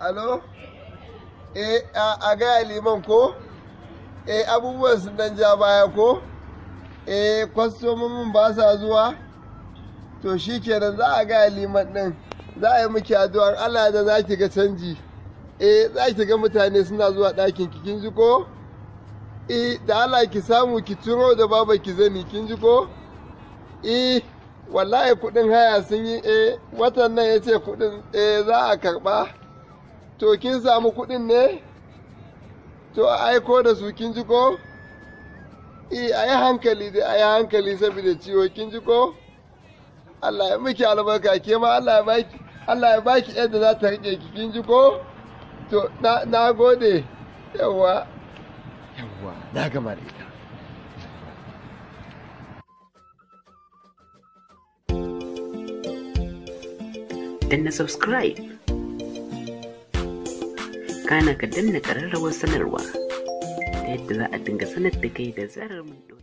alo eh a gaya liman ko eh abubuwan sun dan ja baya ko eh kwastomomin ba sa zuwa to shi kenan za a gaya liman din za a yi miki addu'ar Allah da za ki ga canji eh za ki ga mutane suna zuwa ɗakin ki kin ji ko eh da Allah ki samu ki turo da baba ki zani kin ji ko eh wallahi kudin haya sun yi eh watan nan yace kudin eh za a karba to kin samu kuɗin ne to a aiko da su kin ji ko a yi hankali da a hankali saboda ciwo kin ji ko Allah ya miki albarka ke ma Allah ya baki yadda za ta rike ki kin ji ko to na, gode yawa yawa na gama ita subscribe kana ka danna ƙararrawar sanarwa ta yadda za a dinga sanar da kai da zarar mu